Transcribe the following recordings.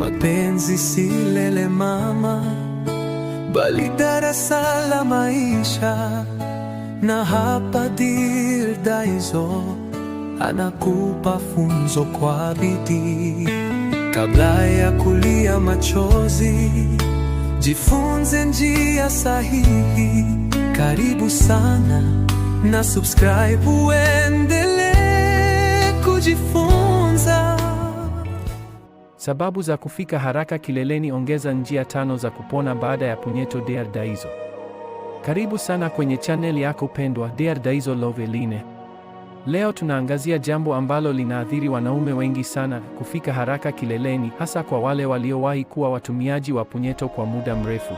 Mapenzi si lele mama, bali darasa la maisha, na hapa Dira Dayizo anakupa funzo kwa bidii. Kabla ya kulia machozi, jifunze njia sahihi. Karibu sana na subscribe uendelee kujifunza. Sababu za kufika haraka kileleni. Ongeza njia tano za kupona baada ya punyeto. Dr. Daizo, karibu sana kwenye channel yako pendwa Dr. Daizo Love Line. Leo tunaangazia jambo ambalo linaathiri wanaume wengi sana, kufika haraka kileleni, hasa kwa wale waliowahi kuwa watumiaji wa punyeto kwa muda mrefu.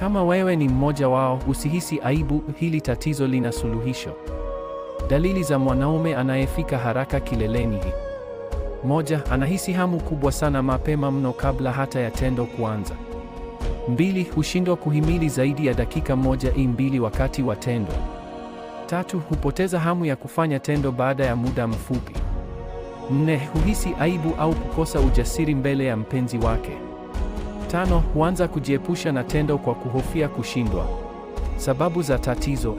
Kama wewe ni mmoja wao, usihisi aibu, hili tatizo lina suluhisho. Dalili za mwanaume anayefika haraka kileleni. Moja, anahisi hamu kubwa sana mapema mno kabla hata ya tendo kuanza. Mbili, hushindwa kuhimili zaidi ya dakika moja i mbili wakati wa tendo. Tatu, hupoteza hamu ya kufanya tendo baada ya muda mfupi. Nne, huhisi aibu au kukosa ujasiri mbele ya mpenzi wake. Tano, huanza kujiepusha na tendo kwa kuhofia kushindwa. Sababu za tatizo: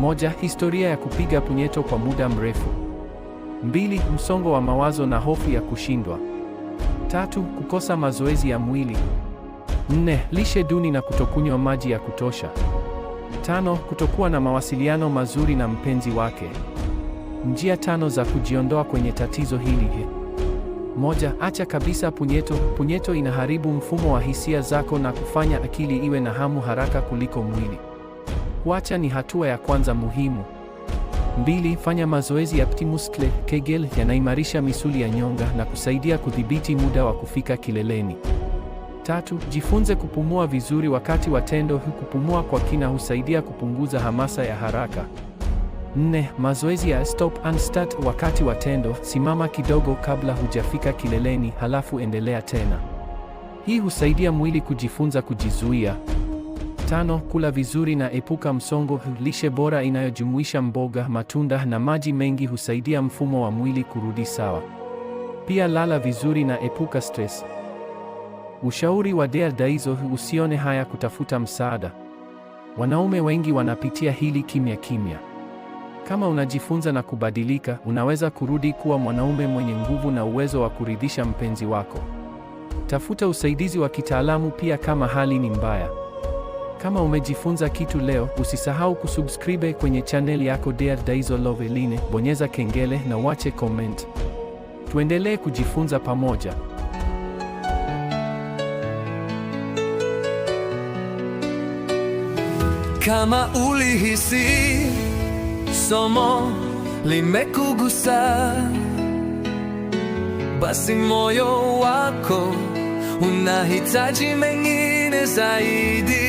moja, historia ya kupiga punyeto kwa muda mrefu. Mbili, msongo wa mawazo na hofu ya kushindwa. Tatu, kukosa mazoezi ya mwili. Nne, lishe duni na kutokunywa maji ya kutosha. Tano, kutokuwa na mawasiliano mazuri na mpenzi wake. Njia tano za kujiondoa kwenye tatizo hili. Moja, acha kabisa punyeto. Punyeto inaharibu mfumo wa hisia zako na kufanya akili iwe na hamu haraka kuliko mwili. Kuacha ni hatua ya kwanza muhimu mbili Fanya mazoezi ya ptimuskle Kegel yanaimarisha misuli ya nyonga na kusaidia kudhibiti muda wa kufika kileleni. Tatu, jifunze kupumua vizuri wakati wa tendo. Kupumua kwa kina husaidia kupunguza hamasa ya haraka. Nne, mazoezi ya stop and start wakati wa tendo. Simama kidogo kabla hujafika kileleni, halafu endelea tena. Hii husaidia mwili kujifunza kujizuia. Tano, kula vizuri na epuka msongo. Lishe bora inayojumuisha mboga, matunda na maji mengi husaidia mfumo wa mwili kurudi sawa. Pia lala vizuri na epuka stress. Ushauri wa Dea Daizo: usione haya kutafuta msaada. Wanaume wengi wanapitia hili kimya kimya. Kama unajifunza na kubadilika, unaweza kurudi kuwa mwanaume mwenye nguvu na uwezo wa kuridhisha mpenzi wako. Tafuta usaidizi wa kitaalamu pia kama hali ni mbaya. Kama umejifunza kitu leo, usisahau kusubscribe kwenye chaneli yako Dear Daizo Loveline, bonyeza kengele na wache comment. Tuendelee kujifunza pamoja. Kama ulihisi somo limekugusa, basi moyo wako unahitaji mengine zaidi.